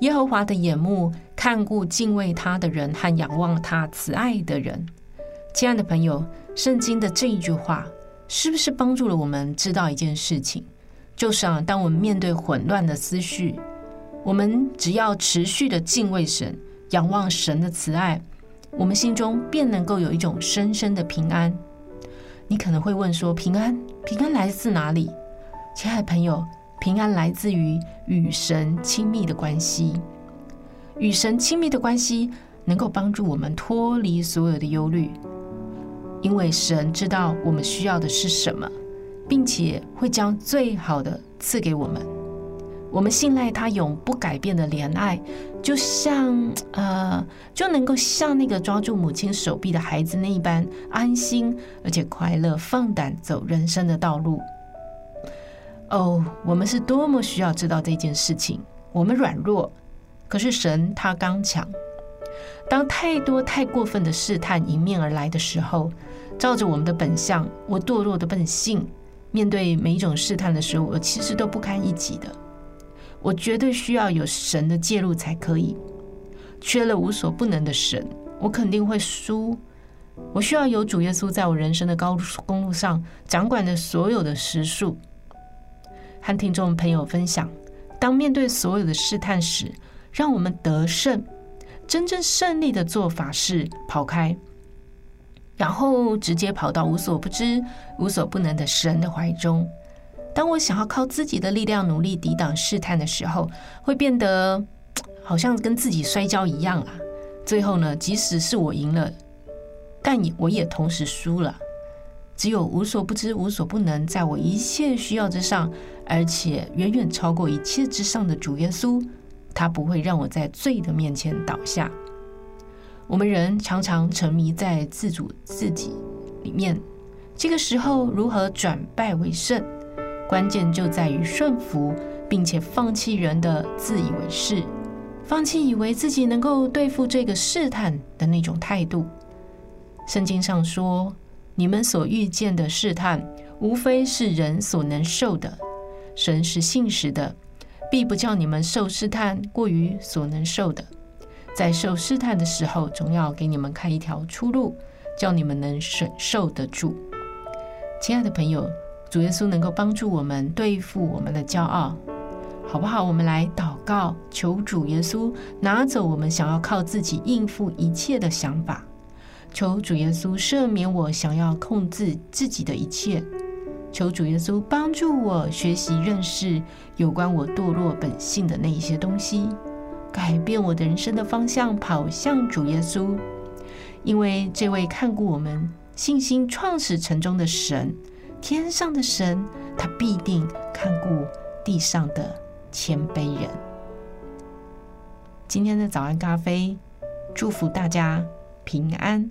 耶和華的眼目看顧敬畏他的人和仰望他慈愛的人。親愛的朋友，聖經的這一句話是不是幫助了我們知道一件事情？就是啊，當我們面對混亂的思緒，我們只要持續的敬畏神，仰望神的慈愛，我們心中便能夠有一種深深的平安。你可能會問說：平安，平安來自哪裡？親愛的朋友。平安來自於與神親密的關係，與神親密的關係能夠幫助我們脫離所有的憂慮，因為神知道我們需要的是什麼，並且會將最好的賜給我們。我們信賴他永不改變的憐愛，就像呃，就能夠像那個抓住母親手臂的孩子那一般安心，而且快樂，放膽走人生的道路。哦，oh, 我們是多麼需要知道這件事情！我們軟弱，可是神他剛強。當太多、太過分的試探迎面而來的時候，照着我們的本相，我墮落的本性，面對每一種試探的時候，我其實都不堪一擊的。我絕對需要有神的介入才可以。缺了無所不能的神，我肯定會輸。我需要有主耶穌在我人生的高速公路上掌管的所有的時數。和聽眾朋友分享，當面對所有的試探時，讓我們得勝。真正勝利的做法是跑開，然後直接跑到無所不知、無所不能的神的懷中。當我想要靠自己的力量努力抵擋試探的時候，會變得好像跟自己摔跤一樣啊！最後呢，即使是我贏了，但也我也同時輸了。只有無所不知、無所不能，在我一切需要之上，而且遠遠超過一切之上的主耶穌，他不會讓我在罪的面前倒下。我們人常常沉迷在自主自己裡面，這個時候如何轉敗為勝？關鍵就在於順服，並且放棄人的自以為是，放棄以為自己能夠對付這個試探的那種態度。聖經上說。你們所遇見的試探，無非是人所能受的。神是信實的，必不叫你們受試探過於所能受的。在受試探的時候，總要給你們開一條出路，叫你們能忍受得住。親愛的朋友，主耶穌能夠幫助我們對付我們的驕傲，好不好？我們來禱告，求主耶穌拿走我們想要靠自己應付一切的想法。求主耶穌赦免我想要控制自己的一切。求主耶穌幫助我學習認識有關我墮落本性的那一些東西，改變我的人生的方向，跑向主耶穌。因為這位看顧我們信心創始成終的神，天上的神，他必定看顧地上的謙卑人。今天的早安咖啡，祝福大家平安。